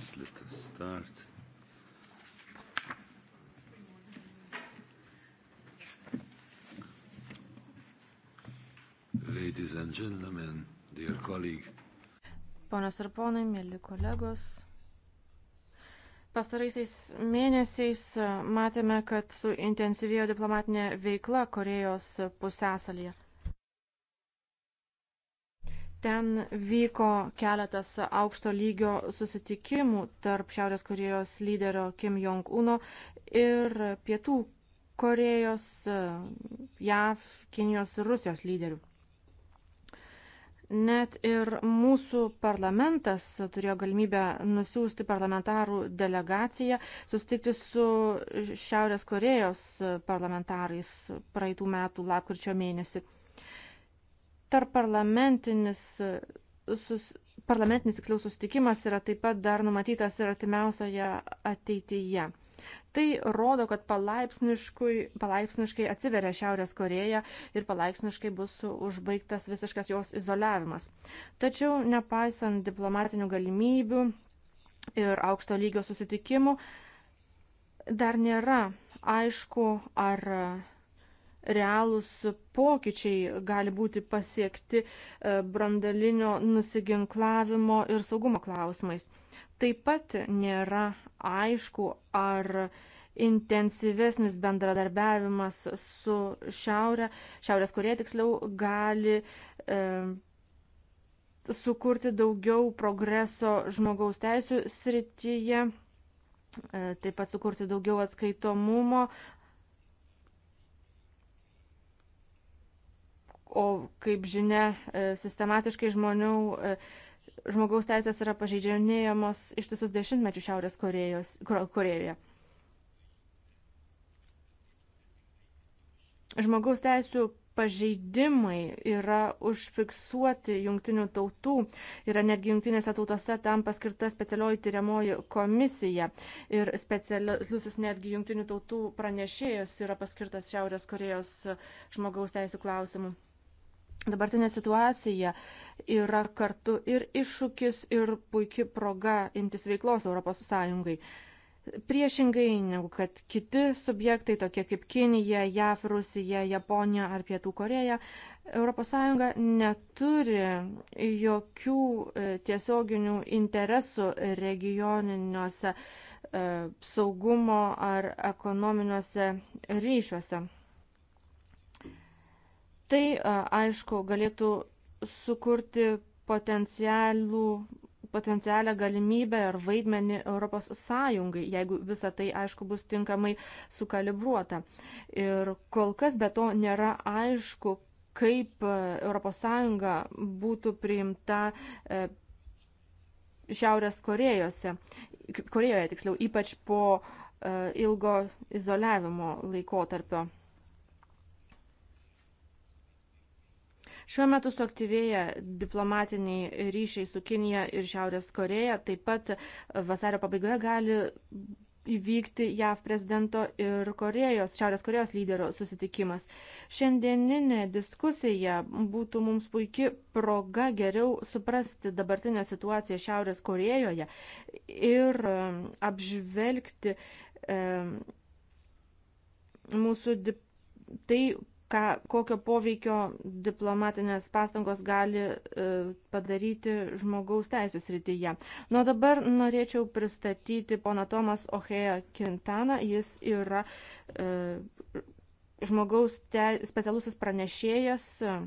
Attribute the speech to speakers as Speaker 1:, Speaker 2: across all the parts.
Speaker 1: Yes, let us start. Ladies and gentlemen, dear colleague.
Speaker 2: Ponios ir ponai, mėly kolegos. Pastaraisiais mėnesiais e, matėme, kad suintensyvėjo diplomatinė veikla Korejos pusėsalyje. Ten vyko keletas aukšto lygio susitikimų tarp Šiaurės Korejos lyderio Kim Jong-uno ir Pietų Korejos, JAV, Kinijos ir Rusijos lyderių. Net ir mūsų parlamentas turėjo galimybę nusiųsti parlamentarų delegaciją, sustikti su Šiaurės Korejos parlamentarais praeitų metų lapkričio mėnesį. Tarp parlamentinis, sus, parlamentinis tiksliau susitikimas yra taip pat dar numatytas ir artimiausioje ateityje. Tai rodo, kad palaipsniškai, palaipsniškai atsiveria Šiaurės Koreja ir palaipsniškai bus užbaigtas visiškas jos izoliavimas. Tačiau nepaisant diplomatinių galimybių ir aukšto lygio susitikimų, dar nėra aišku, ar realūs pokyčiai gali būti pasiekti e, brandalinio nusiginklavimo ir saugumo klausimais. Taip pat nėra aišku, ar intensyvesnis bendradarbiavimas su Šiaurė, Šiaurės Korėja tiksliau, gali e, sukurti daugiau progreso žmogaus teisų srityje, e, taip pat sukurti daugiau atskaitomumo, O kaip žinia, e, sistematiškai žmonių, e, žmogaus teisės yra pažeidžianėjamos ištisus dešimtmečių Šiaurės Korejos, Korejoje. Žmogaus teisų pažeidimai yra užfiksuoti jungtinių tautų, yra netgi jungtinėse tautose tam paskirta specialioji tyriamoji komisija ir specialusis netgi jungtinių tautų pranešėjas yra paskirtas Šiaurės Korejos žmogaus teisų klausimų. Dabartinė situacija yra kartu ir iššūkis, ir puikia proga imtis veiklos ES. Priešingai negu kad kiti subjektai, tokie kaip Kinija, JAF, Rusija, Japonija ar Pietų Koreja, ES neturi jokių e, tiesioginių interesų regioniniuose e, saugumo ar ekonominiuose ryšiuose. Tai, aišku, galėtų sukurti potencialų potencialią galimybę ir vaidmenį Europos Sąjungai, jeigu visa tai, aišku, bus tinkamai sukalibruota. Ir kol kas be to nėra aišku, kaip Europos Sąjunga būtų priimta e, Šiaurės Korejose, Korejoje, tiksliau, ypač po e, ilgo izoliavimo laikotarpio. Šiuo metu suaktyvėja diplomatiniai ryšiai su Kinija ir Šiaurės Koreja. Taip pat vasario pabaigoje gali įvykti JAV prezidento ir Korejos, Šiaurės Korejos lyderio susitikimas. Šiandieninė diskusija būtų mums puikia proga geriau suprasti dabartinę situaciją Šiaurės Korejoje ir um, apžvelgti e, mūsų dip, tai, ką, kokio poveikio diplomatinės pastangos gali e, padaryti žmogaus teisų srityje. Nuo dabar norėčiau pristatyti pona Tomas Oheja Quintana. Jis yra e, žmogaus te, specialusis pranešėjas. E,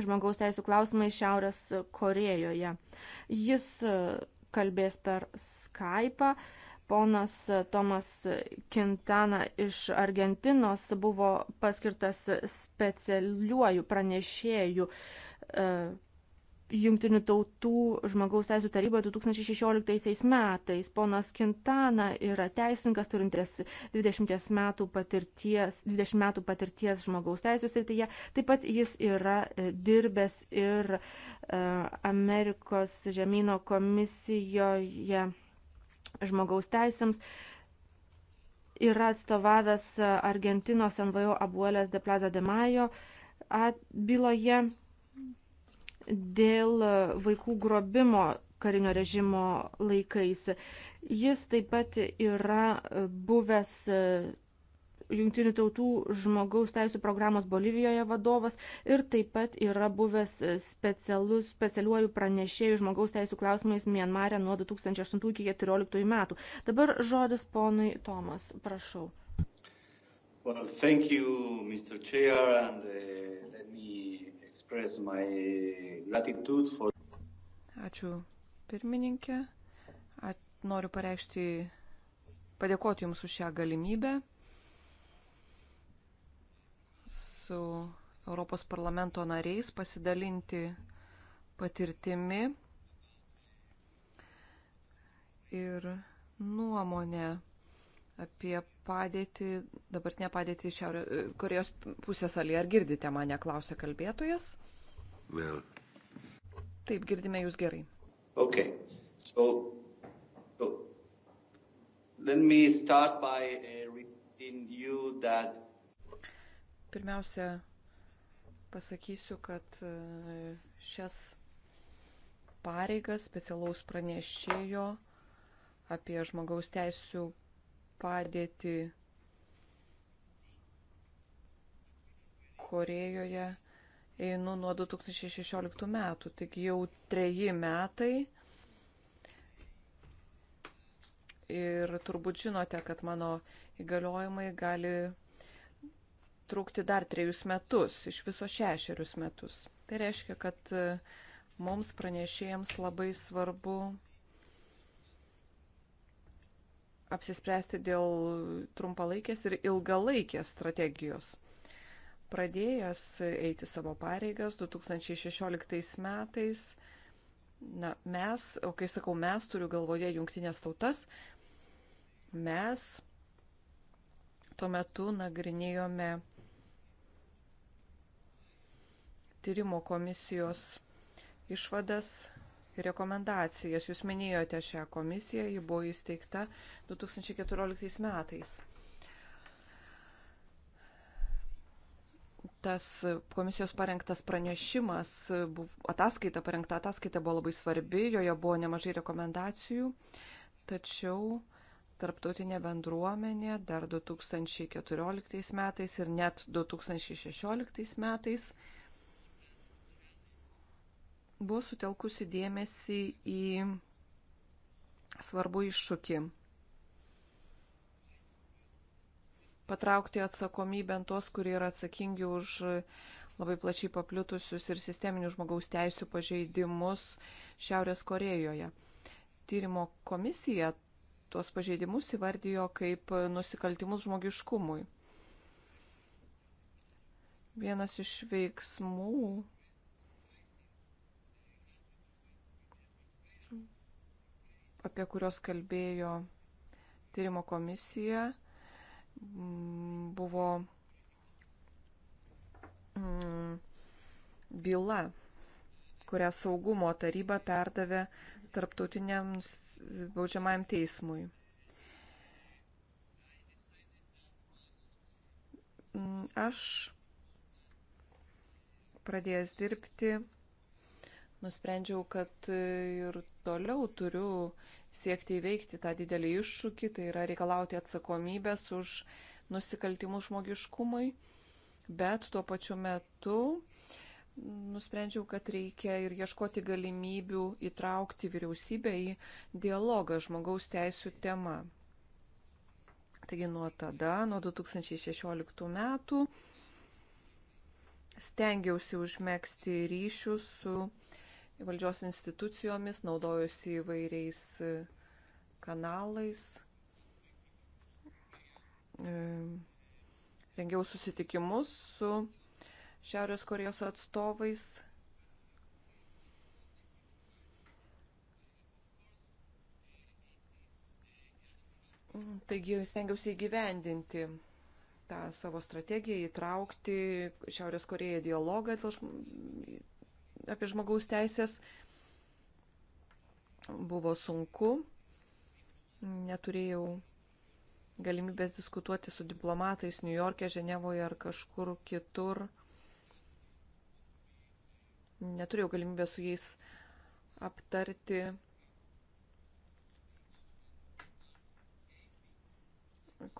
Speaker 2: Žmogaus teisų klausimai Šiaurės Korejoje. Jis e, kalbės per Skype. E, ponas Tomas Kintana iš Argentinos buvo paskirtas specialiuoju pranešėju e, Jungtinių tautų žmogaus teisų taryboje 2016 metais. Ponas Kintana yra teisininkas turintis 20 metų patirties, 20 metų patirties žmogaus teisų srityje. Taip pat jis yra e, dirbęs ir e, Amerikos žemynų komisijoje žmogaus teisėms yra atstovavęs Argentinos NVO Abuelės de Plaza de Mayo byloje dėl vaikų grobimo karinio režimo laikais. Jis taip pat yra buvęs Junktinių tautų žmogaus teisų programos Bolivijoje vadovas ir taip pat yra buvęs specialus, specialiuoju pranešėjų žmogaus teisų klausimais Mienmarė nuo 2008 iki 2014 metų. Dabar žodis ponui Tomas, prašau.
Speaker 1: Well, thank you, Mr. Chair, and uh, let me express my gratitude for.
Speaker 3: Ačiū, pirmininkė. At, noriu pareikšti, padėkoti Jums už šią galimybę su Europos parlamento nariais pasidalinti patirtimi ir nuomonę apie padėtį, dabartinę padėtį Šiaurė, Korejos pusėsalyje. Ar girdite mane, klausia kalbėtojas? Well. Taip, girdime jūs gerai.
Speaker 1: Okay. So, so, let me start by uh, reading you that
Speaker 3: Pirmiausia, pasakysiu, kad e, šias pareigas specialaus pranešėjo apie žmogaus teisų padėtį Korejoje einu nuo 2016 metų, tik jau treji metai. Ir turbūt žinote, kad mano įgaliojimai gali trukti dar trejus metus, iš viso šešerius metus. Tai reiškia, kad e, mums pranešėjams labai svarbu apsispręsti dėl trumpalaikės ir ilgalaikės strategijos. Pradėjęs eiti savo pareigas 2016 metais, na, mes, o kai sakau mes, turiu galvoje jungtinės tautas, mes tuo metu nagrinėjome tyrimo komisijos išvadas ir rekomendacijas. Jūs minėjote šią komisiją, ji buvo įsteigta 2014 metais. Tas komisijos parengtas pranešimas, ataskaita, parengta ataskaita buvo labai svarbi, joje buvo nemažai rekomendacijų, tačiau tarptautinė bendruomenė dar 2014 metais ir net 2016 metais buvo sutelkusi dėmesį į svarbu iššūkį. Patraukti atsakomybę tos, kurie yra atsakingi už labai plačiai paplitusius ir sisteminius žmogaus teisų pažeidimus Šiaurės Korejoje. Tyrimo komisija tuos pažeidimus įvardijo kaip nusikaltimus žmogiškumui. Vienas iš veiksmų apie kurios kalbėjo tyrimo komisija, buvo byla, kurią saugumo taryba perdavė tarptautiniam baudžiamajam teismui. Aš pradėjęs dirbti nusprendžiau, kad e, ir toliau turiu siekti įveikti tą didelį iššūkį, tai yra reikalauti atsakomybės už nusikaltimus žmogiškumui, bet tuo pačiu metu nusprendžiau, kad reikia ir ieškoti galimybių įtraukti vyriausybę į dialogą žmogaus teisų tema. Taigi nuo tada, nuo 2016 metų, stengiausi užmėgsti ryšius su valdžios institucijomis, naudojosi įvairiais e, kanalais. E, rengiau susitikimus su Šiaurės Korejos atstovais. Taigi stengiausi įgyvendinti tą savo strategiją, įtraukti Šiaurės Koreją dialogą dėl apie žmogaus teisės buvo sunku. Neturėjau galimybės diskutuoti su diplomatais New York'e, Ženevoje ar kažkur kitur. Neturėjau galimybės su jais aptarti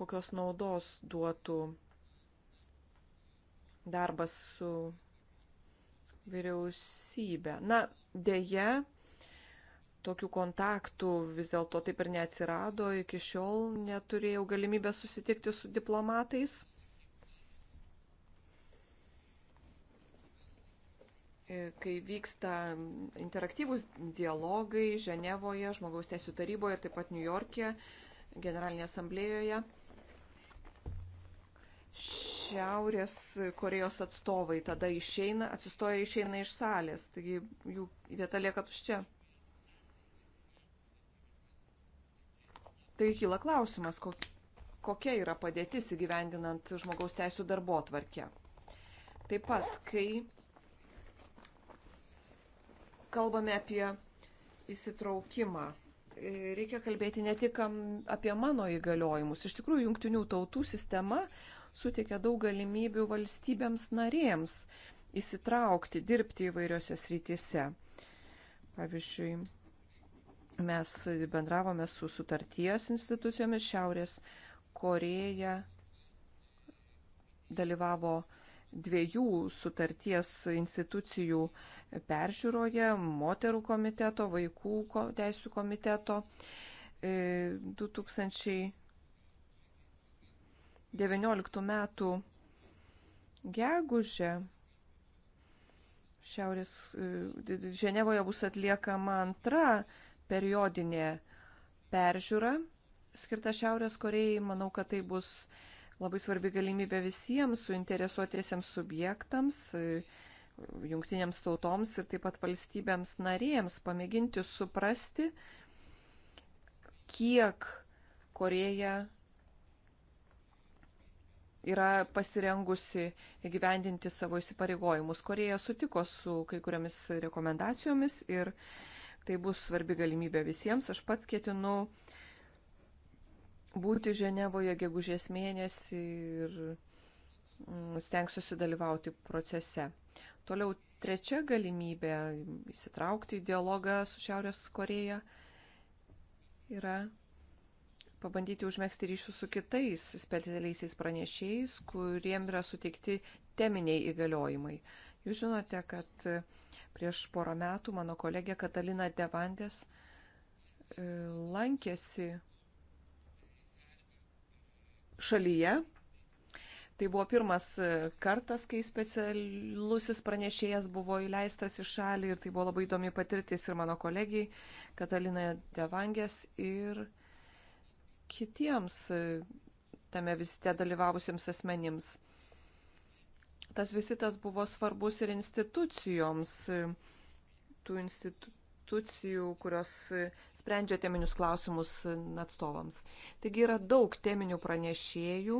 Speaker 3: kokios naudos duotų darbas su vyriausybę. Na, dėje, tokių kontaktų vis dėlto taip ir neatsirado, iki šiol neturėjau galimybę susitikti su diplomatais. E, kai vyksta interaktyvūs dialogai Ženevoje, Žmogaus teisų taryboje ir taip pat Niujorke, Generalinėje asamblėjoje. Šiaurės Korejos atstovai tada išeina, atsistoja ir išeina iš salės, taigi jų vieta lieka tuščia. Taigi kyla klausimas, kokia yra padėtis įgyvendinant žmogaus teisų darbo tvarkę. Taip pat, kai kalbame apie įsitraukimą, reikia kalbėti ne tik apie mano įgaliojimus. Iš tikrųjų, jungtinių tautų sistema suteikia daug galimybių valstybėms narėms įsitraukti, dirbti įvairiose srityse. Pavyzdžiui, mes bendravome su sutarties institucijomis Šiaurės Koreja dalyvavo dviejų sutarties institucijų peržiūroje - moterų komiteto, vaikų teisų komiteto. 2000 e, 19 metų gegužę Šiaurės e, Ženevoje bus atliekama antra periodinė peržiūra skirta Šiaurės Korejai. Manau, kad tai bus labai svarbi galimybė visiems suinteresuotiesiems subjektams, e, jungtinėms tautoms ir taip pat valstybėms narėms pamėginti suprasti, kiek Koreja yra pasirengusi gyvendinti savo įsipareigojimus. Koreja sutiko su kai kuriamis rekomendacijomis ir tai bus svarbi galimybė visiems. Aš pats ketinu būti Ženevoje gegužės mėnesį ir mm, stengsiuosi dalyvauti procese. Toliau trečia galimybė įsitraukti į dialogą su Šiaurės Koreja yra pabandyti užmėgsti ryšių su kitais specialiaisiais pranešėjais, kuriem yra suteikti teminiai įgaliojimai. Jūs žinote, kad e, prieš porą metų mano kolegė Katalina Devandės e, lankėsi šalyje. Tai buvo pirmas e, kartas, kai specialusis pranešėjas buvo įleistas į šalį ir tai buvo labai įdomi patirtis ir mano kolegijai Katalina Devangės ir kitiems e, tame vizite dalyvavusiems asmenims. Tas vizitas buvo svarbus ir institucijoms, e, tų institucijų, kurios e, sprendžia teminius klausimus atstovams. Taigi yra daug teminių pranešėjų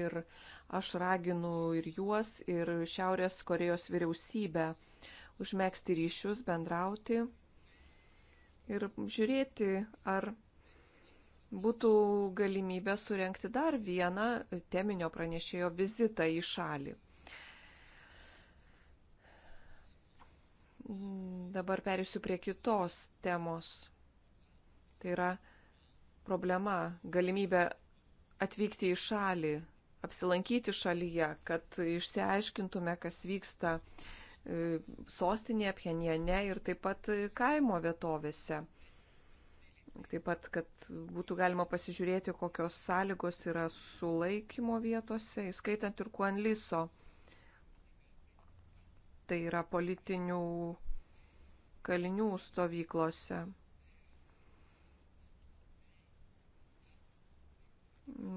Speaker 3: ir aš raginu ir juos, ir Šiaurės Korejos vyriausybę užmėgsti ryšius, bendrauti ir žiūrėti, ar būtų galimybė surenkti dar vieną teminio pranešėjo vizitą į šalį. Dabar perėsiu prie kitos temos. Tai yra problema, galimybė atvykti į šalį, apsilankyti šalyje, kad išsiaiškintume, kas vyksta e, sostinėje, Pjeniene ir taip pat kaimo vietovėse. Taip pat, kad būtų galima pasižiūrėti, kokios sąlygos yra sulaikymo vietose, įskaitant ir Kuanliso. Tai yra politinių kalinių stovyklose.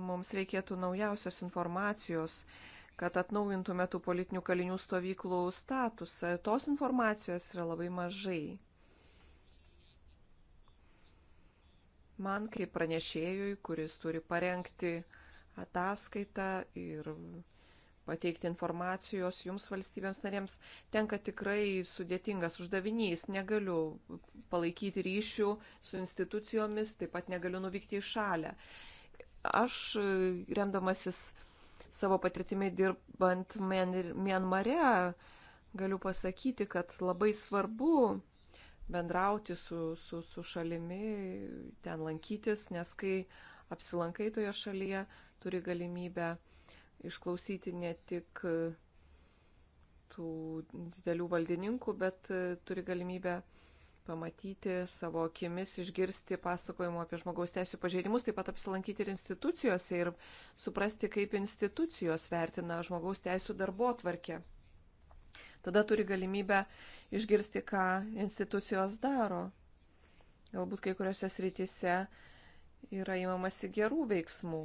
Speaker 3: Mums reikėtų naujausios informacijos, kad atnaujintume tų politinių kalinių stovyklų statusą. Tos informacijos yra labai mažai. Man kaip pranešėjui, kuris turi parengti ataskaitą ir pateikti informacijos jums valstybėms narėms, tenka tikrai sudėtingas uždavinys. Negaliu palaikyti ryšių su institucijomis, taip pat negaliu nuvykti į šalę. Aš remdamasis savo patirtimi dirbant Mianmare, galiu pasakyti, kad labai svarbu bendrauti su, su, su šalimi, ten lankytis, nes kai apsilankai toje šalyje, turi galimybę išklausyti ne tik e, tų didelių valdininkų, bet e, turi galimybę pamatyti savo akimis, išgirsti pasakojimų apie žmogaus teisų pažeidimus, taip pat apsilankyti ir institucijose ir suprasti, kaip institucijos vertina žmogaus teisų darbo tvarkę tada turi galimybę išgirsti, ką institucijos daro. Galbūt kai kuriuose srityse yra įmamasi gerų veiksmų.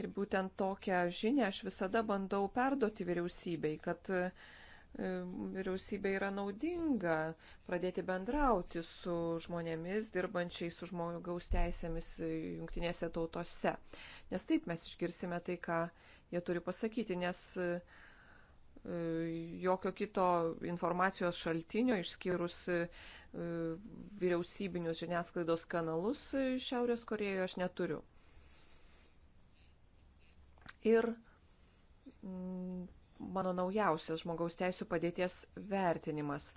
Speaker 3: Ir būtent tokią žinią aš visada bandau perduoti vyriausybei, kad e, vyriausybė yra naudinga pradėti bendrauti su žmonėmis, dirbančiais su žmogaus teisėmis e, jungtinėse tautose. Nes taip mes išgirsime tai, ką jie turi pasakyti, nes uh, jokio kito informacijos šaltinio išskyrus e, vyriausybinius žiniasklaidos kanalus e, Šiaurės Korejoje aš neturiu. Ir mm, mano naujausias žmogaus teisų padėties vertinimas.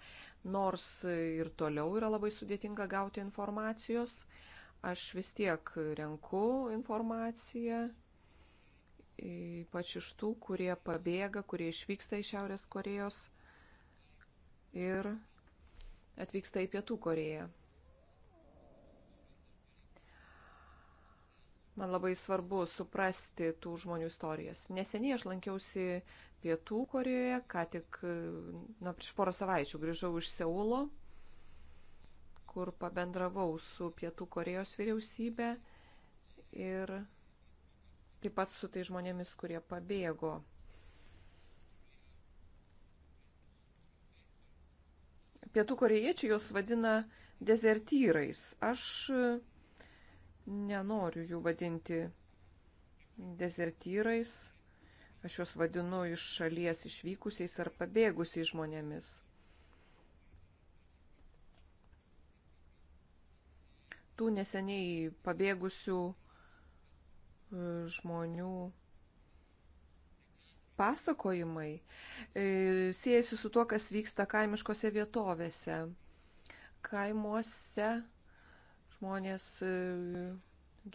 Speaker 3: Nors ir toliau yra labai sudėtinga gauti informacijos, aš vis tiek renku informaciją ypač iš tų, kurie pabėga, kurie išvyksta iš Šiaurės Korejos ir atvyksta į Pietų Koreją. Man labai svarbu suprasti tų žmonių istorijas. Neseniai aš lankiausi Pietų Korejoje, ką tik, na, nu, prieš porą savaičių grįžau iš Seulo, kur pabendravau su Pietų Korejos vyriausybė ir taip pat su tai žmonėmis, kurie pabėgo. Pietų korejiečiai juos vadina dezertyrais. Aš nenoriu jų vadinti dezertyrais. Aš juos vadinu iš šalies išvykusiais ar pabėgusiais žmonėmis. Tų neseniai pabėgusių E, žmonių pasakojimai e, siejasi su tuo, kas vyksta kaimiškose vietovėse. Kaimuose žmonės e,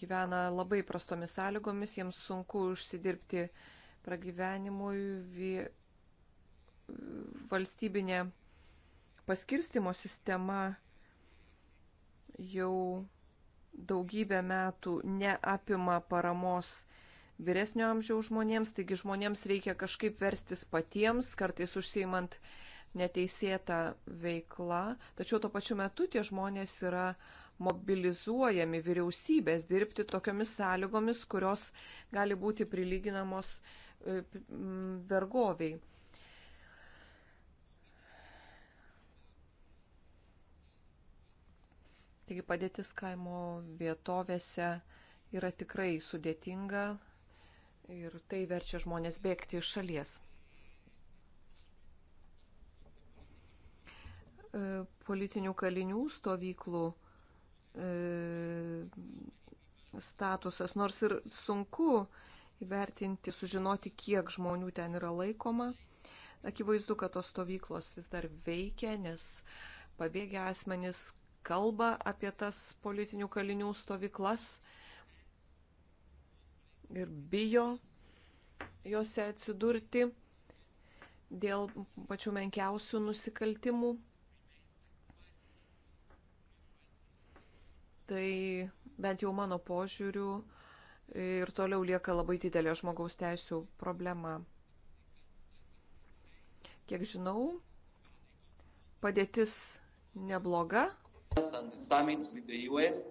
Speaker 3: gyvena labai prastomis sąlygomis, jiems sunku užsidirbti pragyvenimui. Valstybinė paskirstimo sistema jau daugybę metų neapima paramos vyresnio amžiaus žmonėms, taigi žmonėms reikia kažkaip verstis patiems, kartais užsiimant neteisėtą veiklą, tačiau tuo pačiu metu tie žmonės yra mobilizuojami vyriausybės dirbti tokiomis sąlygomis, kurios gali būti prilyginamos e, vergoviai. Taigi padėtis kaimo vietovėse yra tikrai sudėtinga ir tai verčia žmonės bėgti iš šalies. E, politinių kalinių stovyklų e, statusas, nors ir sunku įvertinti, sužinoti, kiek žmonių ten yra laikoma. Akivaizdu, kad tos stovyklos vis dar veikia, nes pabėgę asmenys kalba apie tas politinių kalinių stovyklas ir bijo juose atsidurti dėl pačių menkiausių nusikaltimų. Tai bent jau mano požiūriu ir toliau lieka labai didelė žmogaus teisų problema. Kiek žinau, padėtis nebloga,
Speaker 1: and the summits with the U.S.,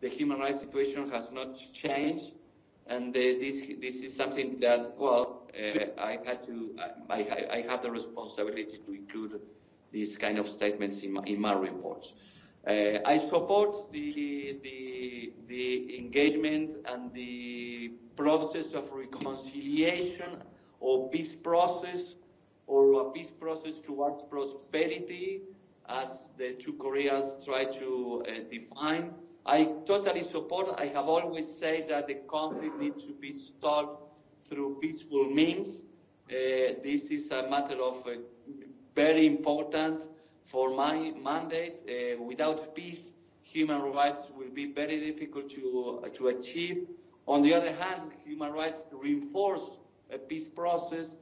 Speaker 1: the human rights situation has not changed, and uh, this this is something that well, uh, I had to I, I have the responsibility to include these kind of statements in my, in my reports. Uh, I support the, the, the engagement and the process of reconciliation or peace process or a peace process towards prosperity as the two Koreas try to uh, define. I totally support. I have always said that the conflict needs to be solved through peaceful means. Uh, this is a matter of uh, very important for my mandate. Uh, without peace, human rights will be very difficult to, uh, to achieve. On the other hand, human rights reinforce a peace process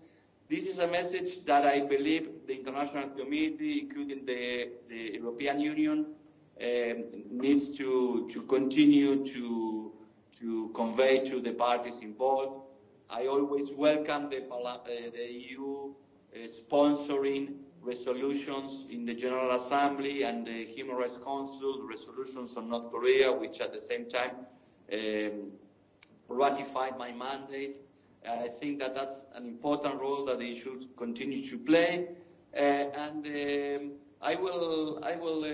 Speaker 1: This is a message that I believe the international community, including the, the European Union, um, needs to, to continue to, to convey to the parties involved. I always welcome the, uh, the EU uh, sponsoring resolutions in the General Assembly and the Human Rights Council, resolutions on North Korea, which at the same time um, ratified my mandate. And I think that that's an important role that they should continue to play. Uh, and um, I will, I will uh,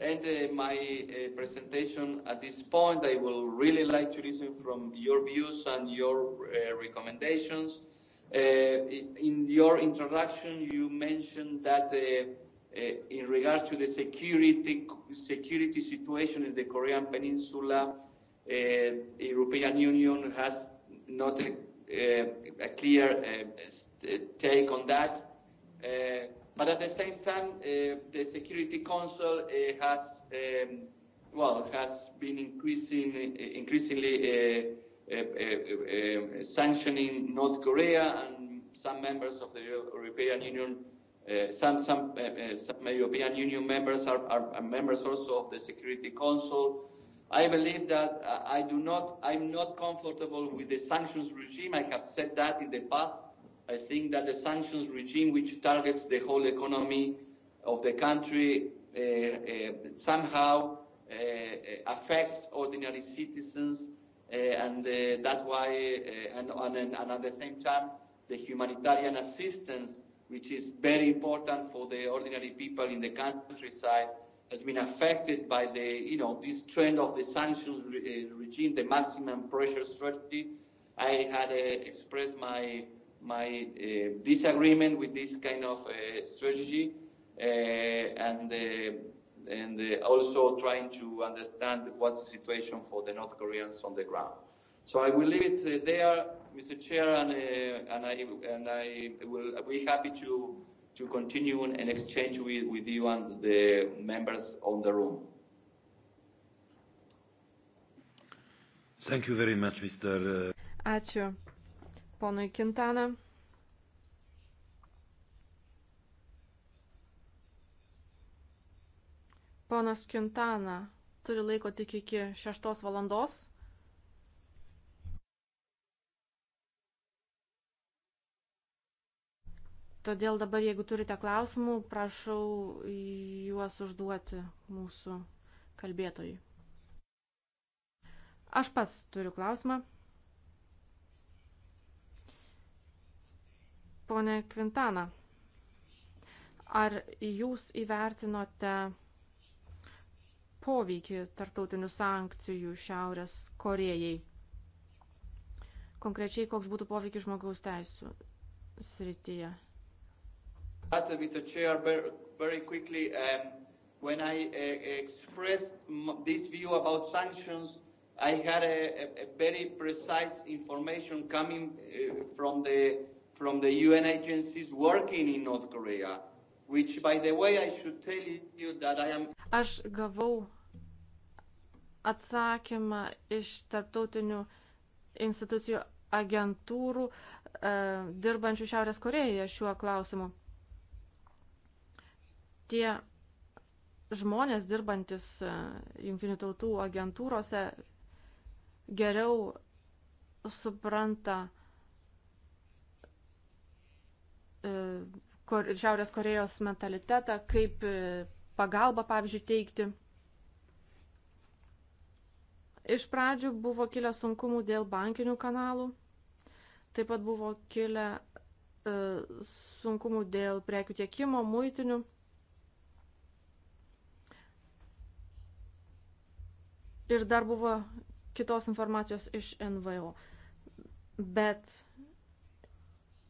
Speaker 1: end uh, my uh, presentation at this point. I will really like to listen from your views and your uh, recommendations. Uh, in your introduction, you mentioned that uh, uh, in regards to the security security situation in the Korean Peninsula, uh, European Union has not a Uh, a clear uh, take on that. Uh, but at the same time, the Security Council has um, well has been increasing increasingly sanctioning North Korea and some members of the European Union uh, some some, uh, some European Union members are, are, are members also of the Security Council. I believe that uh, I do not, I'm not comfortable with the sanctions regime. I have said that in the past. I think that the sanctions regime, which targets the whole economy of the country, uh, uh, somehow uh, affects ordinary citizens. Uh, and uh, that's why, uh, and, and, and at the same time, the humanitarian assistance, which is very important for the ordinary people in the countryside, has been affected by the, you know, this trend of the sanctions re- eh, regime, the maximum pressure strategy. I had uh, expressed my my uh, disagreement with this kind of uh, strategy, and and also trying to understand what's the situation for the North Koreans on the ground. So I will leave it there, Mr. Chair, and and I and I will be happy to to continue and exchange with, with you and the members on the room. Thank you very much, Mr. Uh,
Speaker 2: Ačiū ponui Kintana. Ponas Kintana turi laiko tik iki 6 valandos. Todėl dabar, jeigu turite klausimų, prašau juos užduoti mūsų kalbėtojui. Aš pats turiu klausimą. Pone Kvintana, ar jūs įvertinote poveikį tartautinių sankcijų Šiaurės Korejai? Konkrečiai, koks būtų poveikis žmogaus teisų srityje?
Speaker 1: started with the chair very, very quickly. Um, when I uh, expressed this view about sanctions, I had a, a, a very precise information coming uh, from the from the UN agencies working in North Korea, which, by the way, I should tell you that I am.
Speaker 2: Aš gavau atsakymą iš tarptautinių institucijų agentūrų e, dirbančių Šiaurės Korejoje šiuo klausimu tie žmonės dirbantis e, jungtinių tautų agentūrose geriau supranta e, Šiaurės Korejos mentalitetą, kaip e, pagalbą, pavyzdžiui, teikti. Iš pradžių buvo kilę sunkumų dėl bankinių kanalų, taip pat buvo kilę sunkumų dėl prekių tiekimo, muitinių. ir dar buvo kitos informacijos iš NVO. Bet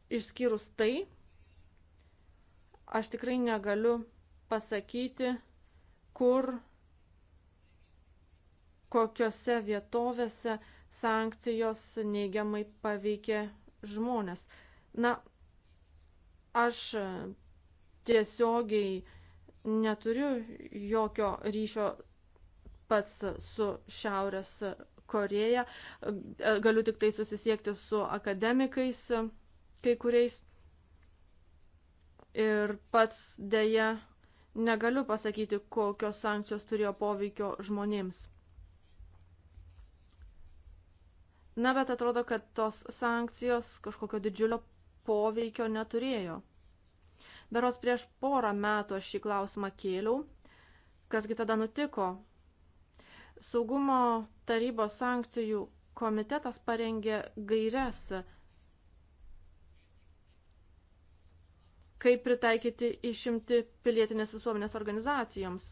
Speaker 2: išskyrus tai, aš tikrai negaliu pasakyti, kur, kokiuose vietovėse sankcijos neigiamai paveikė žmonės. Na, aš tiesiogiai neturiu jokio ryšio pats su Šiaurės Koreja. Galiu tik tai susisiekti su akademikais, kai kuriais. Ir pats dėja negaliu pasakyti, kokios sankcijos turėjo poveikio žmonėms. Na, bet atrodo, kad tos sankcijos kažkokio didžiulio poveikio neturėjo. Beros prieš porą metų aš šį klausimą kėliau. Kasgi tada nutiko? Saugumo tarybos sankcijų komitetas parengė gairias, kaip pritaikyti išimti pilietinės visuomenės organizacijoms.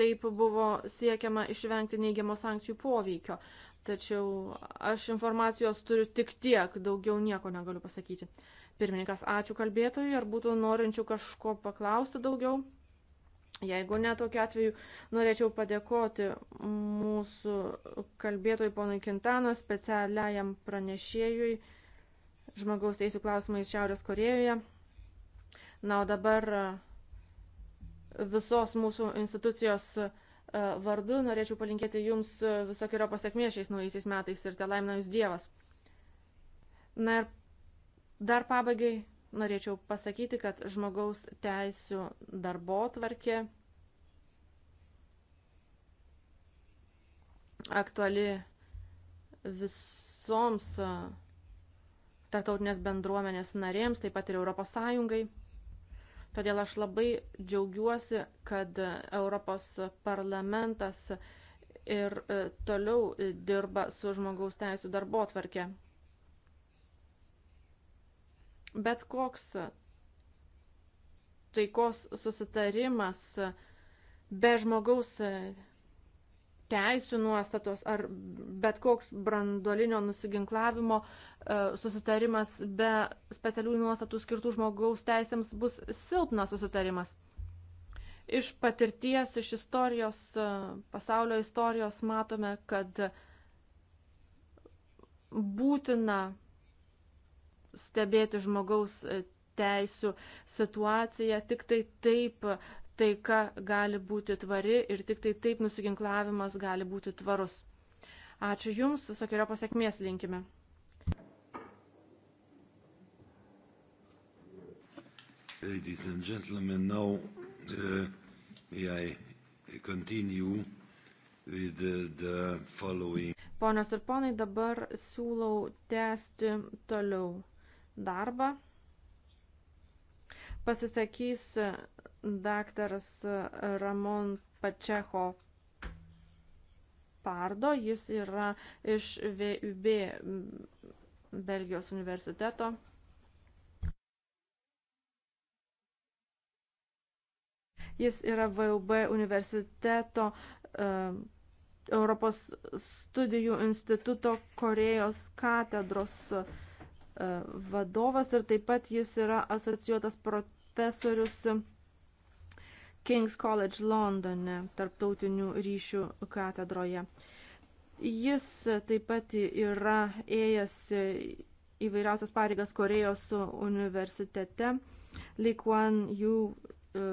Speaker 2: Taip buvo siekiama išvengti neigiamo sankcijų poveikio. Tačiau aš informacijos turiu tik tiek, daugiau nieko negaliu pasakyti. Pirmininkas, ačiū kalbėtojui, ar būtų norinčių kažko paklausti daugiau. Jeigu ne, tokiu atveju norėčiau padėkoti mūsų kalbėtojui ponui Kintano, specialiajam pranešėjui žmogaus teisų klausimais Šiaurės Korejoje. Na, o dabar e, visos mūsų institucijos e, vardu norėčiau palinkėti jums visokio pasiekmės šiais naujaisiais metais ir te laimina jūs Dievas. Na ir Dar pabaigai norėčiau pasakyti, kad žmogaus teisų darbo tvarkė aktuali visoms tartautinės bendruomenės narėms, taip pat ir Europos Sąjungai. Todėl aš labai džiaugiuosi, kad Europos parlamentas ir e, toliau dirba su žmogaus teisų darbo tvarkė. Bet koks taikos susitarimas be žmogaus teisų nuostatos ar bet koks brandolinio nusiginklavimo e, susitarimas be specialių nuostatų skirtų žmogaus teisėms bus silpnas susitarimas. Iš patirties, iš istorijos, e, pasaulio istorijos matome, kad būtina stebėti žmogaus e, teisų situaciją, tik tai taip taika gali būti tvari ir tik tai taip nusiginklavimas gali būti tvarus. Ačiū Jums, visokiojo pasiekmės linkime.
Speaker 1: Ladies and gentlemen, now uh, may I continue with the, uh, the following.
Speaker 2: Ponios ir ponai, dabar siūlau tęsti toliau darbą. Pasisakys daktaras Ramon Pačecho Pardo, jis yra iš VUB Belgijos universiteto. Jis yra VUB universiteto uh, Europos studijų instituto Korejos katedros uh, vadovas ir taip pat jis yra asocijuotas profesorius King's College Londone, tarptautinių ryšių katedroje. Jis taip pat yra ėjęs įvairiausias pareigas Korejos universitete, Likuan jų e,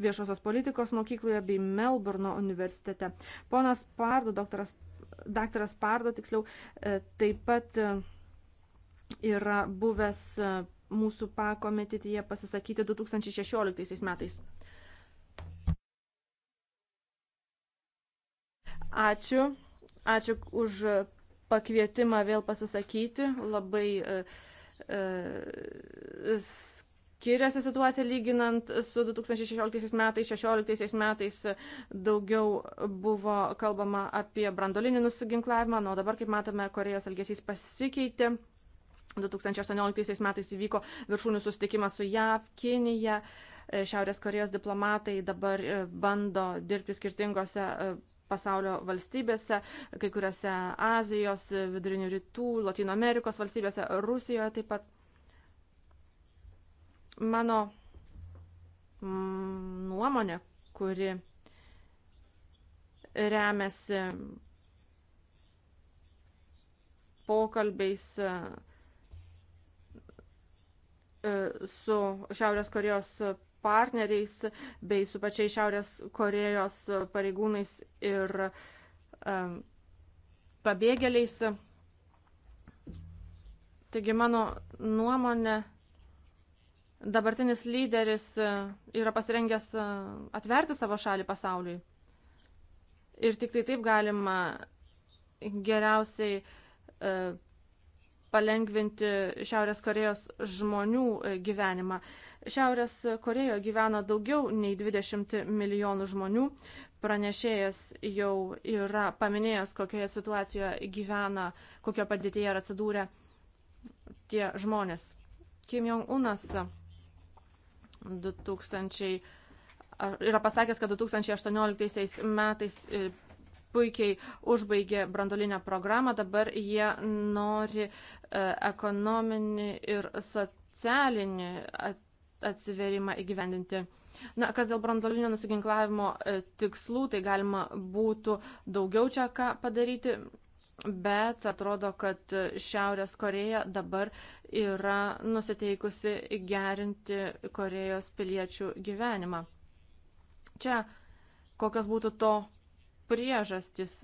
Speaker 2: viešosios politikos mokykloje bei Melburno universitete. Ponas Pardo, doktoras, daktaras Pardo, tiksliau, e, taip pat e, yra buvęs e, mūsų pakometityje pasisakyti 2016 metais. Ačiū. Ačiū už pakvietimą vėl pasisakyti. Labai e, e, skiriasi situacija lyginant su 2016 metais. 16 metais daugiau buvo kalbama apie brandolinį nusiginklavimą, na, o dabar, kaip matome, Korejos elgesys pasikeitė. 2018 metais įvyko viršūnių susitikimas su JAV, Kinija, e, Šiaurės Korejos diplomatai dabar e, bando dirbti skirtingose e, pasaulio valstybėse, kai kuriuose Azijos, Vidurinių rytų, Latino Amerikos valstybėse, Rusijoje taip pat. Mano mm, nuomonė, kuri remiasi pokalbiais E, su Šiaurės Korejos partneriais bei su pačiais Šiaurės Korejos pareigūnais ir pabėgėliais. Taigi mano nuomonė, dabartinis lyderis e, yra pasirengęs e, atverti savo šalį pasauliui. Ir tik tai taip galima geriausiai palengvinti Šiaurės Korejos žmonių e, gyvenimą. Šiaurės Korejoje gyvena daugiau nei 20 milijonų žmonių. Pranešėjas jau yra paminėjęs, kokioje situacijoje gyvena, kokio padėtyje yra atsidūrę tie žmonės. Kim Jong-unas 2000 yra pasakęs, kad 2018 metais e, puikiai užbaigė brandolinę programą, dabar jie nori e, ekonominį ir socialinį atsiverimą įgyvendinti. Na, kas dėl brandolinio nusiginklavimo e, tikslų, tai galima būtų daugiau čia ką padaryti, bet atrodo, kad e, Šiaurės Koreja dabar yra nusiteikusi gerinti Korejos piliečių gyvenimą. Čia kokios būtų to priežastis,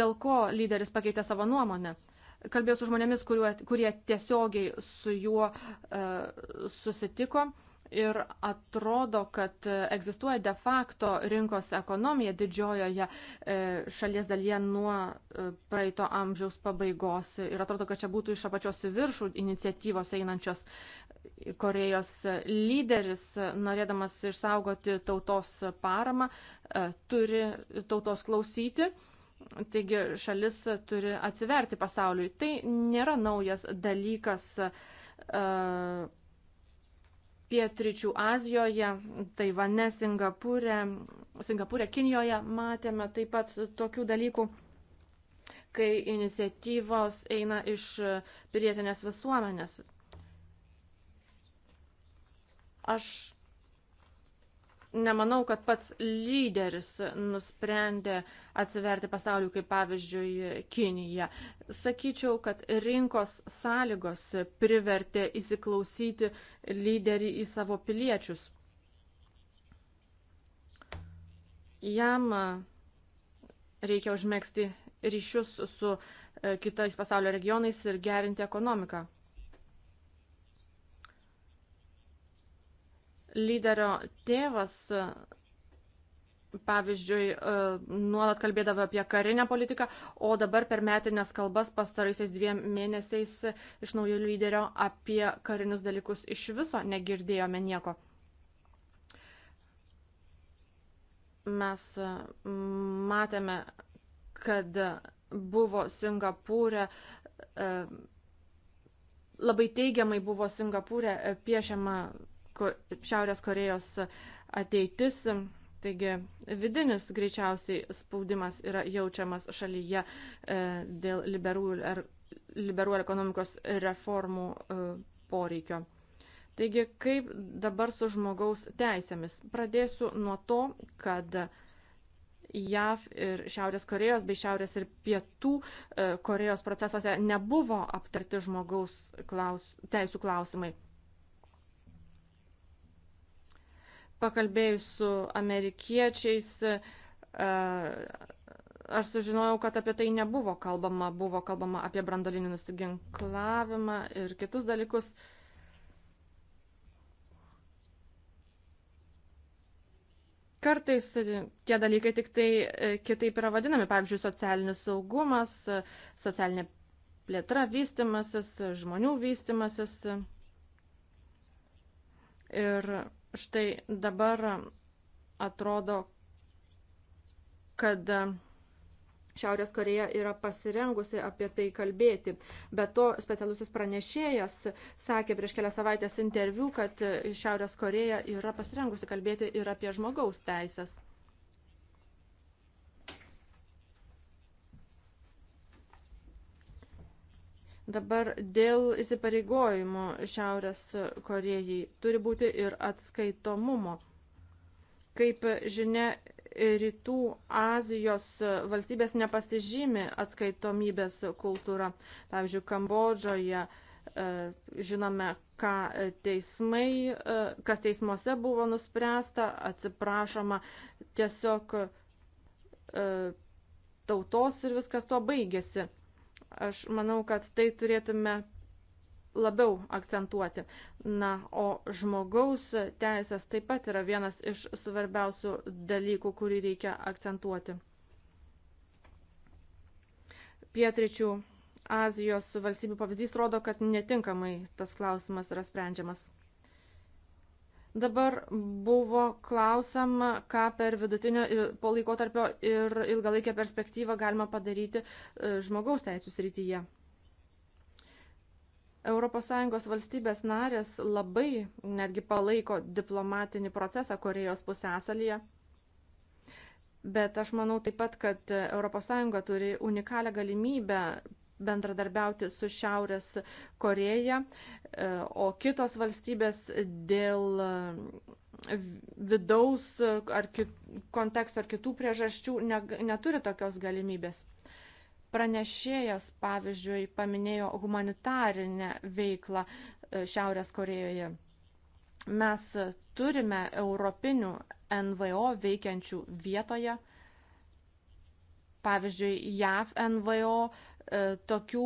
Speaker 2: dėl ko lyderis pakeitė savo nuomonę. Kalbėjau su žmonėmis, kuriuo, kurie tiesiogiai su juo e, susitiko. E, ir atrodo, kad egzistuoja de facto rinkos ekonomija didžiojoje e, šalies dalyje nuo e, praeito amžiaus pabaigos. Ir atrodo, kad čia būtų iš apačios į viršų iniciatyvos einančios. Korejos lyderis, norėdamas išsaugoti tautos paramą, e, turi tautos klausyti. Taigi šalis turi atsiverti pasauliui. Tai nėra naujas dalykas uh, Pietričių Azijoje, Taivane, Singapūre, Singapūre, Kinijoje matėme taip pat tokių dalykų, kai iniciatyvos eina iš pilietinės visuomenės. Aš nemanau, kad pats lyderis nusprendė atsiverti pasauliu, kaip pavyzdžiui, Kinija. Sakyčiau, kad rinkos sąlygos privertė įsiklausyti lyderį į savo piliečius. Jam reikia užmėgsti ryšius su e, kitais pasaulio regionais ir gerinti ekonomiką. lyderio tėvas, pavyzdžiui, e, nuolat kalbėdavo apie karinę politiką, o dabar per metinės kalbas pastaraisiais dviem mėnesiais iš naujo lyderio apie karinius dalykus iš viso negirdėjome nieko. Mes e, matėme, kad buvo Singapūrė e, labai teigiamai buvo Singapūrė piešiama Šiaurės Korejos ateitis. Taigi vidinis greičiausiai spaudimas yra jaučiamas šalyje e, dėl liberų, liberų ekonomikos reformų e, poreikio. Taigi, kaip dabar su žmogaus teisėmis? Pradėsiu nuo to, kad JAV ir Šiaurės Korejos bei Šiaurės ir Pietų e, Korejos procesuose nebuvo aptarti žmogaus klaus, teisų klausimai. pakalbėjus su amerikiečiais, e, aš sužinojau, kad apie tai nebuvo kalbama. Buvo kalbama apie brandolinį nusiginklavimą ir kitus dalykus. Kartais tie dalykai tik tai e, kitaip yra vadinami, pavyzdžiui, socialinis saugumas, e, socialinė plėtra, vystimasis, žmonių vystimasis. Ir Štai dabar atrodo, kad Šiaurės Koreja yra pasirengusi apie tai kalbėti. Be to, specialusis pranešėjas sakė prieš kelias savaitės interviu, kad Šiaurės Koreja yra pasirengusi kalbėti ir apie žmogaus teisės. Dabar dėl įsipareigojimo Šiaurės Korejai turi būti ir atskaitomumo. Kaip žinia, rytų Azijos valstybės nepasižymi atskaitomybės kultūra. Pavyzdžiui, Kambodžoje e, žinome, ką teismai, e, kas teismuose buvo nuspręsta, atsiprašoma tiesiog e, tautos ir viskas tuo baigėsi. Aš manau, kad tai turėtume labiau akcentuoti. Na, o žmogaus teisės taip pat yra vienas iš svarbiausių dalykų, kurį reikia akcentuoti. Pietričių Azijos valstybių pavyzdys rodo, kad netinkamai tas klausimas yra sprendžiamas. Dabar buvo klausama, ką per vidutinio polaikotarpio ir ilgalaikę perspektyvą galima padaryti e, žmogaus teisų srityje. ES valstybės narės labai netgi palaiko diplomatinį procesą Korejos pusėsalyje. Bet aš manau taip pat, kad ES turi unikalią galimybę bendradarbiauti su Šiaurės Koreja, e, o kitos valstybės dėl e, vidaus ar kit, konteksto ar kitų priežasčių ne, neturi tokios galimybės. Pranešėjas, pavyzdžiui, paminėjo humanitarinę veiklą e, Šiaurės Korejoje. Mes turime europinių NVO veikiančių vietoje. Pavyzdžiui, JAV NVO uh, E, tokių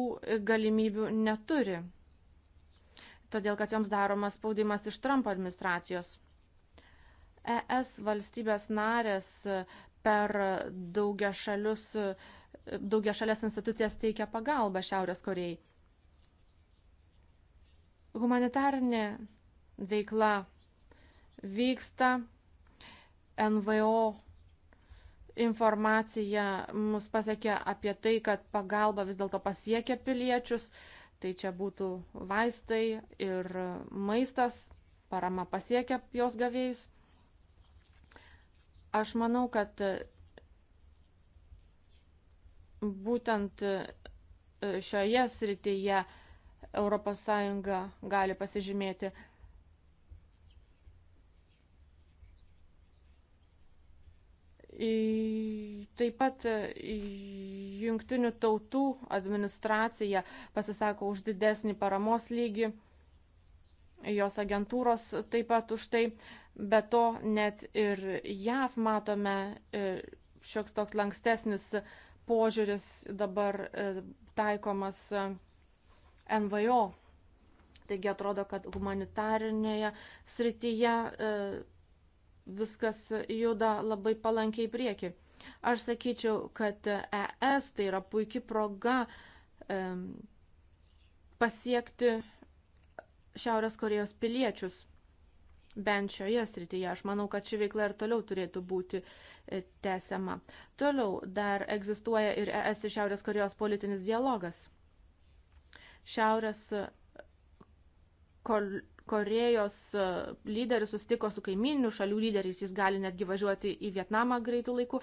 Speaker 2: galimybių neturi, todėl kad joms daromas spaudimas iš Trumpo administracijos. ES valstybės narės per daugia, šalius, daugia šalės institucijas teikia pagalbą Šiaurės Korejai. Humanitarinė veikla vyksta, NVO informacija mus pasiekė apie tai, kad pagalba vis dėlto pasiekia piliečius. Tai čia būtų vaistai ir maistas, parama pasiekia jos gavėjus. Aš manau, kad būtent šioje srityje ES gali pasižymėti Taip pat e, jungtinių tautų administracija pasisako už didesnį paramos lygį, jos agentūros taip pat už tai, bet to net ir JAV matome e, šioks toks lankstesnis požiūris dabar e, taikomas NVO. Taigi atrodo, kad humanitarinėje srityje viskas juda labai palankiai prieki. Aš sakyčiau, kad ES tai yra puikia proga e, pasiekti Šiaurės Korejos piliečius. Bent šioje srityje aš manau, kad ši veikla ir toliau turėtų būti e, tęsiama. Toliau dar egzistuoja ir ES ir Šiaurės Korejos politinis dialogas. Šiaurės Korejos Korejos e, lyderis sustiko su kaiminių šalių lyderiais, jis gali netgi važiuoti į Vietnamą greitų laikų.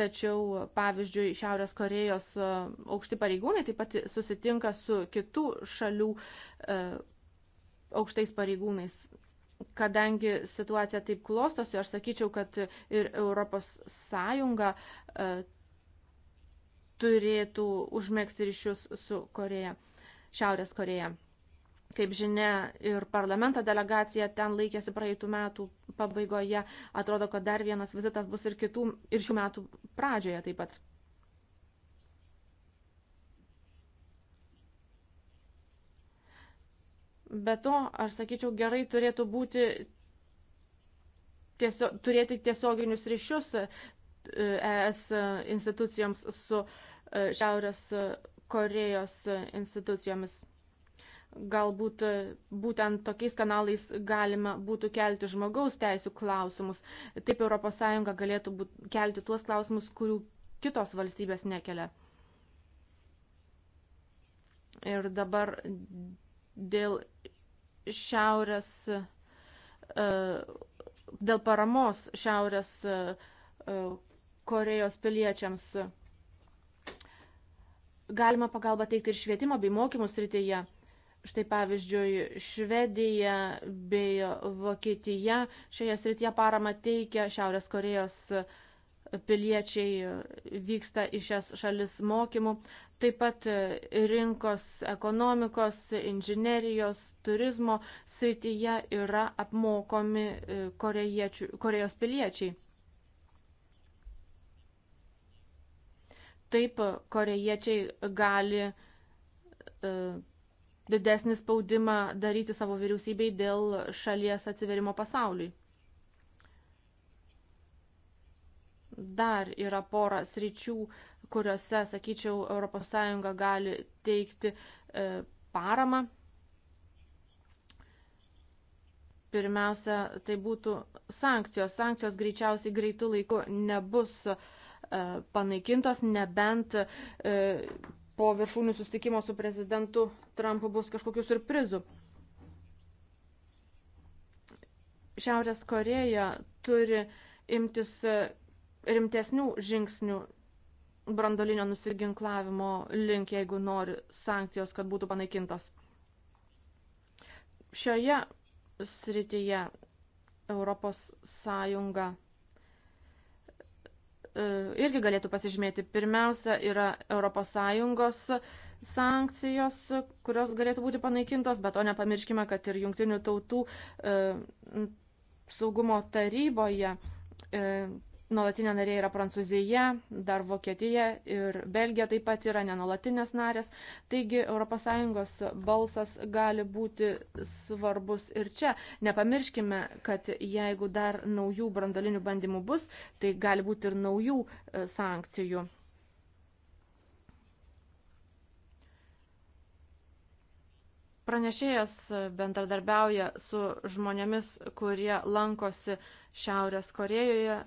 Speaker 2: Tačiau, pavyzdžiui, Šiaurės Korejos e, aukšti pareigūnai taip pat susitinka su kitų šalių e, aukštais pareigūnais. Kadangi situacija taip klostosi, aš sakyčiau, kad ir Europos Sąjunga e, turėtų užmėgsti ryšius su Koreja, Šiaurės Koreja. Kaip žinia, ir parlamento delegacija ten laikėsi praeitų metų pabaigoje. Atrodo, kad dar vienas vizitas bus ir, kitų, ir šių metų pradžioje taip pat. Be to, aš sakyčiau, gerai turėtų būti tiesio, turėti tiesioginius ryšius ES e institucijoms su e, Šiaurės Korejos institucijomis. Galbūt e, būtent tokiais kanalais galima būtų kelti žmogaus teisų klausimus. Taip ES galėtų būt, kelti tuos klausimus, kurių kitos valstybės nekelia. Ir dabar dėl šiaurės, e, dėl paramos šiaurės e, Korejos piliečiams galima pagalbą teikti ir švietimo bei mokymų srityje. Štai pavyzdžiui, Švedija bei Vokietija šioje srityje parama teikia Šiaurės Korejos piliečiai vyksta į šias šalis mokymų. Taip pat rinkos ekonomikos, inžinerijos, turizmo srityje yra apmokomi e, Korejos piliečiai. Taip, korejiečiai gali e, didesnį spaudimą daryti savo vyriausybei dėl šalies atsiverimo pasauliui. Dar yra pora sričių, kuriuose, sakyčiau, ES gali teikti e, paramą. Pirmiausia, tai būtų sankcijos. Sankcijos greičiausiai greitų laikų nebus e, panaikintos, nebent e, po viršūnių sustikimo su prezidentu Trumpu bus kažkokių surprizų. Šiaurės Koreja turi imtis e, rimtesnių žingsnių brandolinio nusiginklavimo link, jeigu nori sankcijos, kad būtų panaikintos. Šioje srityje Europos Sąjunga E, irgi galėtų pasižymėti. Pirmiausia yra ES sankcijos, kurios galėtų būti panaikintos, bet to nepamirškime, kad ir jungtinių tautų e, saugumo taryboje e, nuolatinė narė yra Prancūzija, dar Vokietija ir Belgija taip pat yra nenulatinės narės. Taigi ES balsas gali būti svarbus ir čia. Nepamirškime, kad jeigu dar naujų brandolinių bandymų bus, tai gali būti ir naujų e, sankcijų. Pranešėjas e, bendradarbiauja su žmonėmis, kurie lankosi Šiaurės Korejoje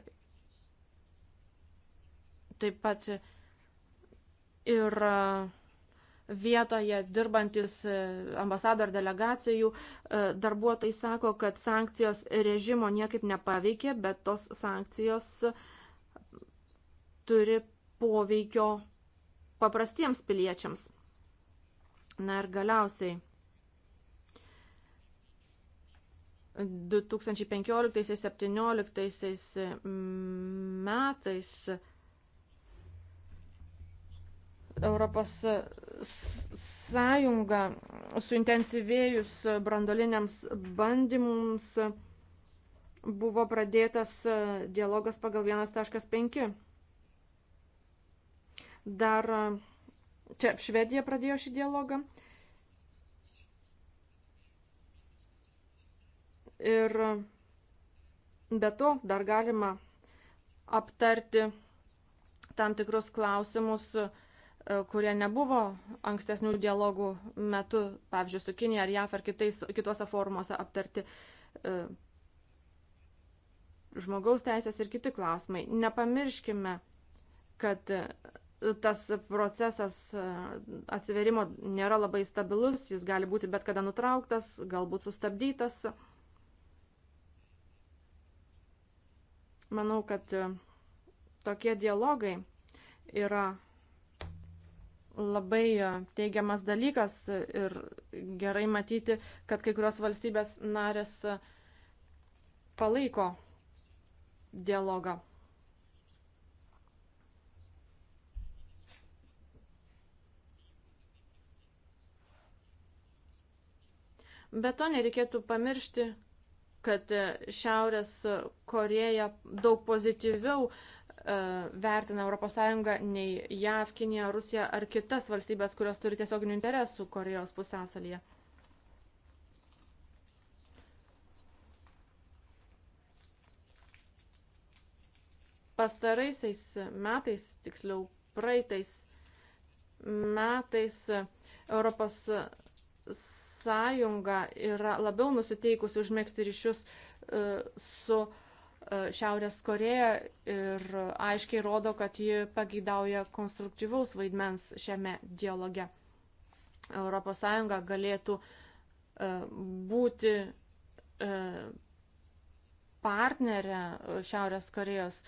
Speaker 2: taip pat ir e, vietoje dirbantis e, ambasador delegacijų e, darbuotojai sako, kad sankcijos režimo niekaip nepaveikė, bet tos sankcijos turi poveikio paprastiems piliečiams. Na ir galiausiai 2015-2017 metais Europos Sąjunga suintensyvėjus brandoliniams bandymams buvo pradėtas dialogas pagal 1.5. Dar čia Švedija pradėjo šį dialogą. Ir be to dar galima aptarti tam tikrus klausimus, uh, E, kurie nebuvo ankstesnių dialogų metu, pavyzdžiui, su Kinija ar JAF ar kitais, kitose formuose aptarti e, žmogaus teisės ir kiti klausimai. Nepamirškime, kad e, tas procesas atsiverimo nėra labai stabilus, jis gali būti bet kada nutrauktas, galbūt sustabdytas. Manau, kad tokie dialogai yra labai e, teigiamas dalykas ir gerai matyti, kad kai kurios valstybės narės e, palaiko dialogą. Be to nereikėtų pamiršti, kad e, Šiaurės Koreja daug pozityviau uh, E, vertina ES nei JAV, Kinija, Rusija ar kitas valstybės, kurios turi tiesioginių interesų Korejos pusęsalyje. Pastaraisiais metais, tiksliau praeitais metais, Europos Sąjunga yra labiau nusiteikusi užmėgsti ryšius e, su uh, E, Šiaurės Koreja ir aiškiai rodo, kad ji pageidauja konstruktyvaus vaidmens šiame dialoge. ES galėtų e, būti e, partnerė Šiaurės Korejos.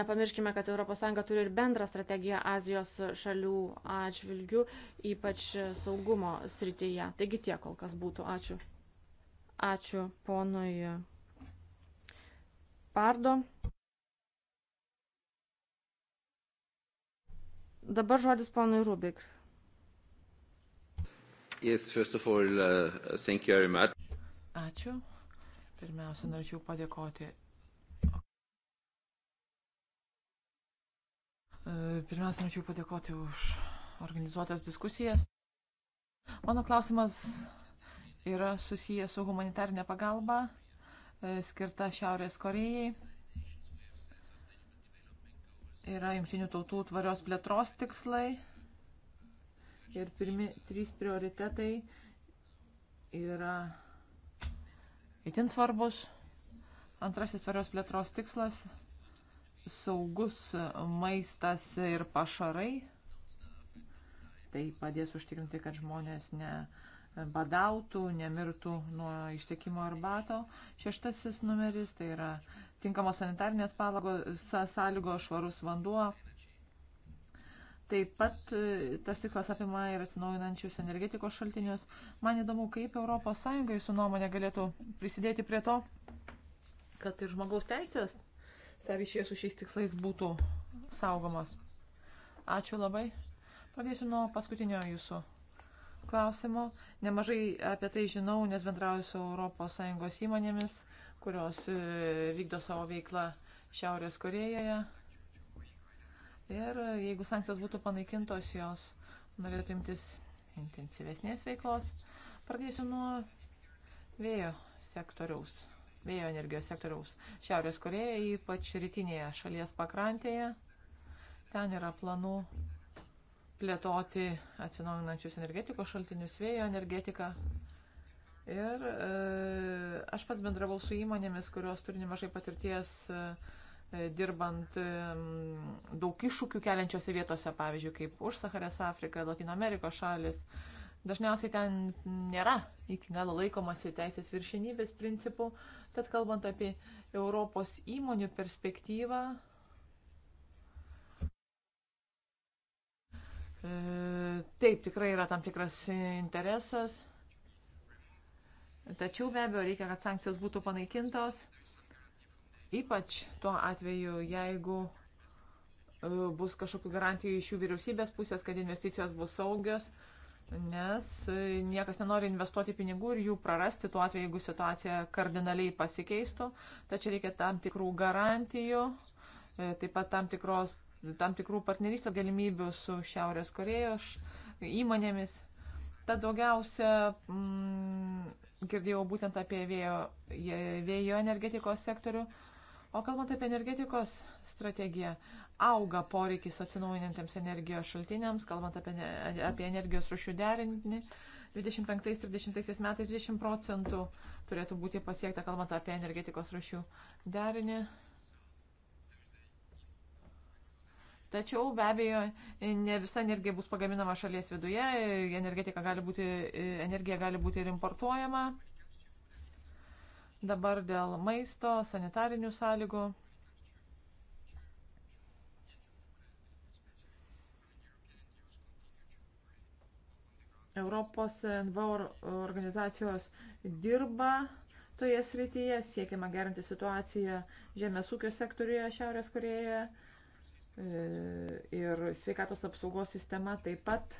Speaker 2: Nepamirškime, kad ES turi ir bendrą strategiją Azijos šalių atžvilgių, ypač saugumo srityje. Taigi tiek kol kas būtų. Ačiū. Ačiū ponui Pardo. Dabar žodis ponui Rubik.
Speaker 1: Yes, first of all, uh, thank you very much.
Speaker 4: Ačiū. Pirmiausia, norėčiau padėkoti. E, pirmiausia, norėčiau padėkoti už organizuotas diskusijas. Mano klausimas yra susijęs su humanitarinė pagalba E, skirta Šiaurės Korejai. Yra jungtinių tautų tvarios plėtros tikslai. Ir pirmi trys prioritetai yra itin svarbus. Antrasis tvarios plėtros tikslas - saugus maistas ir pašarai. Tai padės užtikrinti, kad žmonės ne, uh, badautų, nemirtų nuo išsekimo ar bato. Šeštasis numeris tai yra tinkamos sanitarinės palagos, sąlygos, švarus vanduo. Taip pat e, tas tikslas apima ir atsinaujinančius energetikos šaltinius. Man įdomu, kaip ES jūsų nuomonė galėtų prisidėti prie to, kad ir žmogaus teisės savišyje su šiais tikslais būtų saugomos. Ačiū labai. Pradėsiu nuo paskutinio jūsų klausimo. Nemažai apie tai žinau, nes bendrauju su ES įmonėmis, kurios e, vykdo savo veiklą Šiaurės Korejoje. Ir e, jeigu sankcijos būtų panaikintos, jos norėtų imtis intensyvesnės veiklos. Pradėsiu nuo vėjo sektoriaus, vėjo energijos sektoriaus. Šiaurės Korejoje, ypač rytinėje šalies pakrantėje, ten yra planų plėtoti atsinaujinančius energetikos šaltinius, vėjo energetiką. Ir e, aš pats bendravau su įmonėmis, kurios turi nemažai patirties e, dirbant e, daug iššūkių keliančiose vietose, pavyzdžiui, kaip už Saharės Afriką, Latino Amerikos šalis. Dažniausiai ten nėra iki galo laikomasi teisės viršinybės principų, tad kalbant apie Europos įmonių perspektyvą, E, taip, tikrai yra tam tikras interesas. Tačiau be abejo reikia, kad sankcijos būtų panaikintos. Ypač tuo atveju, jeigu e, bus kažkokių garantijų iš jų vyriausybės pusės, kad investicijos bus saugios, nes e, niekas nenori investuoti pinigų ir jų prarasti tuo atveju, jeigu situacija kardinaliai pasikeistų. Tačiau reikia tam tikrų garantijų, taip pat tam tikros tam tikrų partnerystės galimybių su Šiaurės Korejos įmonėmis. Ta daugiausia mm, girdėjau būtent apie vėjo, vėjo energetikos sektorių. O kalbant apie energetikos strategiją, auga poreikis atsinaujinantiems energijos šaltiniams, kalbant apie, apie energijos rušių derinį. 25-30 metais 20 procentų turėtų būti pasiekta, kalbant apie energetikos rušių derinį. Tačiau be abejo, ne visa energija bus pagaminama šalies viduje, energetika gali būti, energija gali būti ir importuojama. Dabar dėl maisto, sanitarinių sąlygų. Europos NVO organizacijos dirba toje srityje, siekiama gerinti situaciją žemės ūkio sektoriuje Šiaurės Korejoje E, ir sveikatos apsaugos sistema taip pat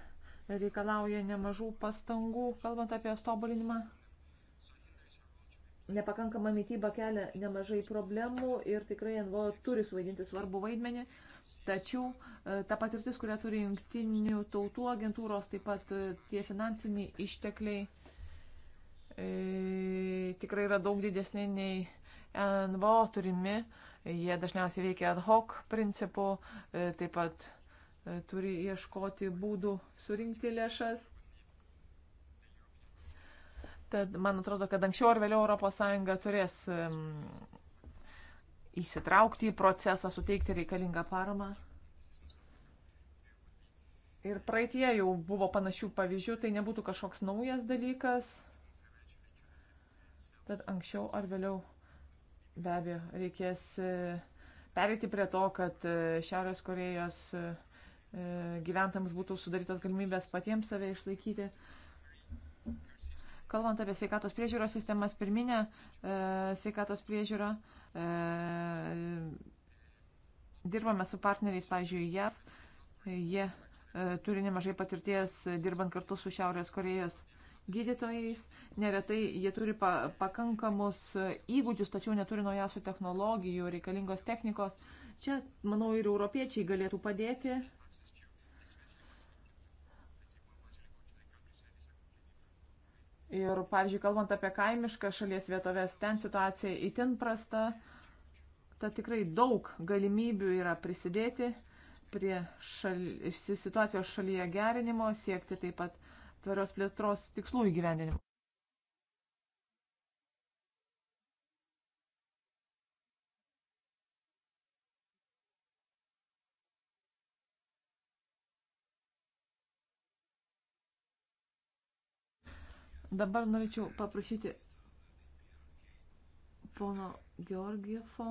Speaker 4: reikalauja nemažų pastangų, kalbant apie jos tobulinimą. Nepakankama mytyba kelia nemažai problemų ir tikrai NVO turi suvaidinti svarbu vaidmenį. Tačiau e, ta patirtis, kurią turi jungtinių tautų agentūros, taip pat e, tie finansiniai ištekliai e, tikrai yra daug didesnė nei NVO turimi. E, Jie dažniausiai veikia ad hoc principu, e, taip pat e, turi ieškoti būdų surinkti lėšas. Tad man atrodo, kad anksčiau ar vėliau ES turės įsitraukti į procesą, suteikti reikalingą paramą. Ir praeitie jau buvo panašių pavyzdžių, tai nebūtų kažkoks naujas dalykas. Tad anksčiau ar vėliau Be abejo, reikės e, pereiti prie to, kad e, Šiaurės Korejos e, gyventams būtų sudarytos galimybės patiems save išlaikyti. Kalbant apie sveikatos priežiūros sistemas, pirminę sveikatos priežiūrą, dirbame su partneriais, pavyzdžiui, JAV. Jie turi nemažai patirties dirbant kartu su Šiaurės Korejos gydytojais. Neretai jie turi pa pakankamus įgūdžius, tačiau neturi naujausių technologijų, reikalingos technikos. Čia, manau, ir europiečiai galėtų padėti. Ir, pavyzdžiui, kalbant apie kaimišką šalies vietovės, ten situacija itin prasta. Ta tikrai daug galimybių yra prisidėti prie šal... situacijos šalyje gerinimo, siekti taip pat tvarios plėtros tikslų įgyvendinimu. Dabar norėčiau paprašyti pono Georgievo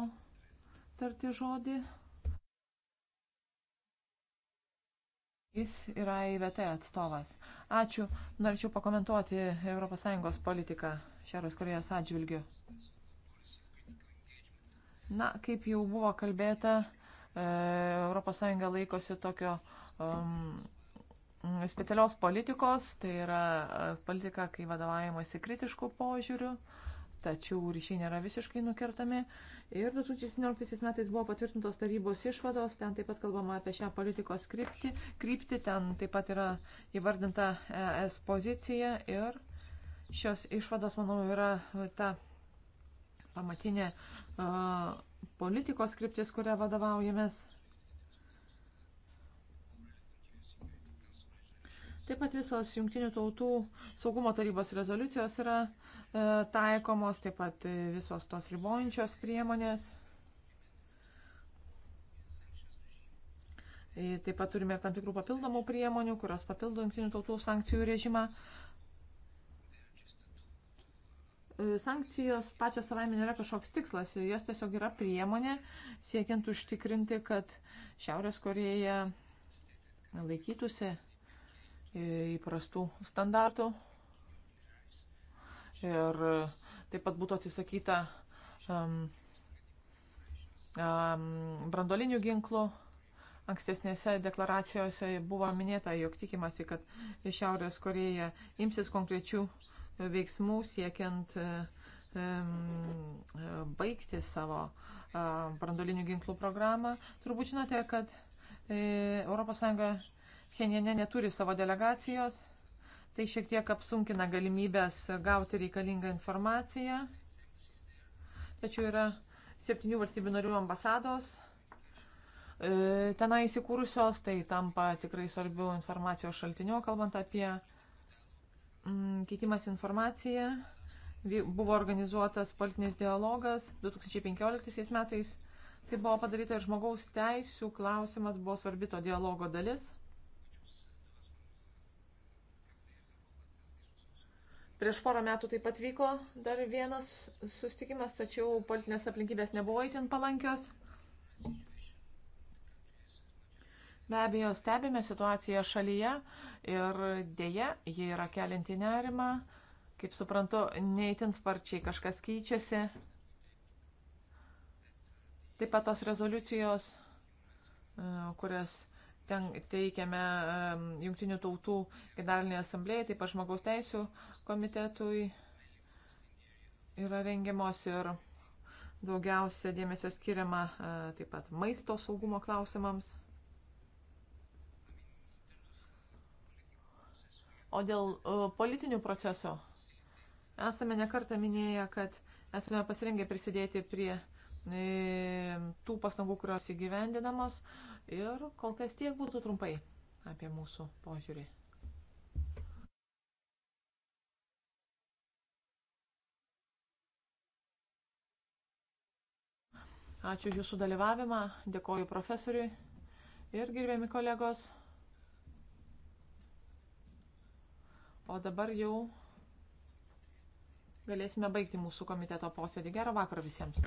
Speaker 4: tarti žodį. Jis yra IVT atstovas. Ačiū. Norėčiau pakomentuoti ES politiką Šiaurės Korejos atžvilgiu. Na, kaip jau buvo kalbėta, ES laikosi tokio um, specialios politikos, tai yra e, politika, kai vadovaujamasi kritiškų požiūrių. Uh, tačiau ryšiai nėra visiškai nukertami. Ir 2017 metais buvo patvirtintos tarybos išvados, ten taip pat kalbama apie šią politikos kryptį, kryptį ten taip pat yra įvardinta ES pozicija ir šios išvados, manau, yra ta pamatinė uh, politikos kryptis, kurią vadovaujamės. Taip pat visos jungtinių tautų saugumo tarybos rezoliucijos yra uh, E, taikomos, taip pat e, visos tos ribojančios priemonės. E, taip pat turime ir tam tikrų papildomų priemonių, kurios papildo jungtinių tautų sankcijų režimą. Sankcijos pačios savaime nėra kažkoks tikslas, jos tiesiog yra priemonė siekiant užtikrinti, kad Šiaurės Koreja laikytųsi įprastų standartų ir taip pat būtų atsisakyta um, um, brandolinių ginklų. Ankstesnėse deklaracijose buvo minėta, jog tikimasi, kad Šiaurės Koreja imsis konkrečių veiksmų siekiant um, baigti savo um, brandolinių ginklų programą. Turbūt žinote, kad ES Pchenjane neturi savo delegacijos Tai šiek tiek apsunkina galimybės gauti reikalingą informaciją. Tačiau yra septynių valstybių narių ambasados e, tenai įsikūrusios, tai tampa tikrai svarbių informacijos šaltinių, kalbant apie mm, keitimas informaciją. Buvo organizuotas politinis dialogas 2015 metais. Tai buvo padaryta ir žmogaus teisų klausimas buvo svarbi to dialogo dalis. Prieš porą metų taip pat vyko dar vienas sustikimas, tačiau politinės aplinkybės nebuvo itin palankios. Be abejo, stebime situaciją šalyje ir dėja, jie yra kelinti nerimą. Kaip suprantu, neįtin sparčiai kažkas keičiasi. Taip pat tos rezoliucijos, e, kurias ten teikiame Junktinių tautų generalinėje asamblėje, taip pat žmogaus teisų komitetui yra rengiamos ir daugiausia dėmesio skiriama e, taip pat maisto saugumo klausimams. O dėl e, politinių procesų esame nekartą minėję, kad esame pasirengę prisidėti prie e, tų pastangų, kurios įgyvendinamos. Ir kol kas tiek būtų trumpai apie mūsų požiūrį. Ačiū Jūsų dalyvavimą, dėkoju profesoriui ir gerbėmi kolegos. O dabar jau galėsime baigti mūsų komiteto posėdį. Gerą vakarą visiems.